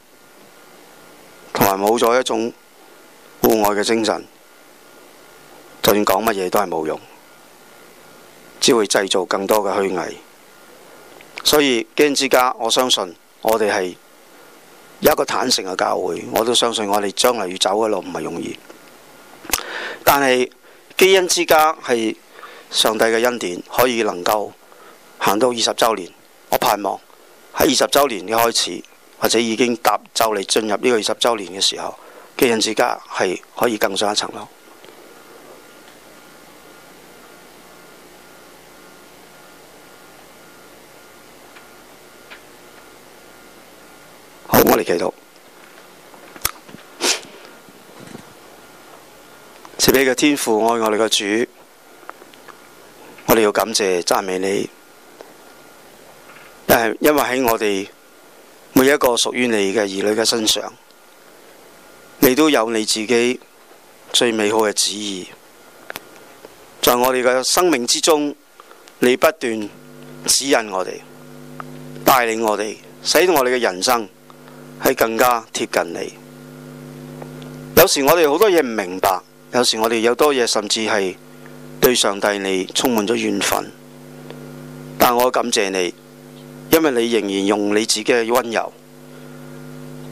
同埋冇咗一種互愛嘅精神，就算講乜嘢都係冇用，只會製造更多嘅虛偽。所以基恩之家，我相信我哋係。一個坦誠嘅教會，我都相信我哋將來要走嘅路唔係容易。但係基恩之家係上帝嘅恩典，可以能夠行到二十周年。我盼望喺二十周年嘅開始，或者已經踏就嚟進入呢個二十周年嘅時候，基恩之家係可以更上一層樓。好，我哋祈禱，慈悲嘅天父愛我哋嘅主，我哋要感謝讚美你。誒，因為喺我哋每一個屬於你嘅兒女嘅身上，你都有你自己最美好嘅旨意。在我哋嘅生命之中，你不斷指引我哋，帶領我哋，使到我哋嘅人生，係更加貼近你。有時我哋好多嘢唔明白，有時我哋有多嘢，甚至係對上帝你充滿咗怨憤。但我感謝你，因為你仍然用你自己嘅溫柔，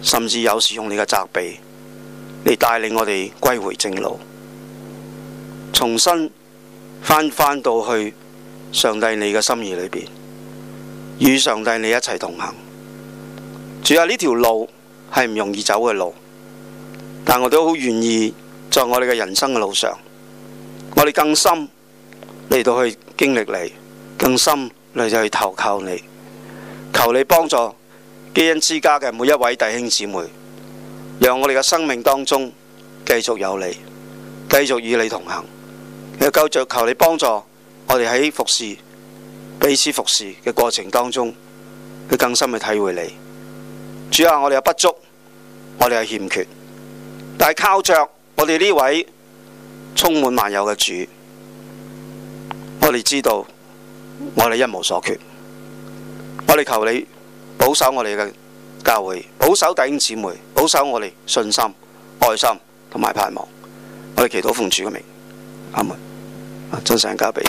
甚至有時用你嘅責備，嚟帶領我哋歸回正路，重新翻返到去上帝你嘅心意裏邊，與上帝你一齊同行。仲有呢條路係唔容易走嘅路，但係我都好願意在我哋嘅人生嘅路上，我哋更深嚟，到去經歷你，更深嚟到去投靠你，求你幫助基恩之家嘅每一位弟兄姊妹，讓我哋嘅生命當中繼續有你，繼續與你同行。又夠著求你幫助我哋喺服侍彼此服侍嘅過程當中，去更深去體會你。主啊，我哋有不足，我哋有欠缺，但係靠着我哋呢位充滿萬有嘅主，我哋知道我哋一無所缺。我哋求你保守我哋嘅教會，保守弟兄姊妹，保守我哋信心、愛心同埋盼望。我哋祈禱奉主嘅名，阿門啊！真神交俾。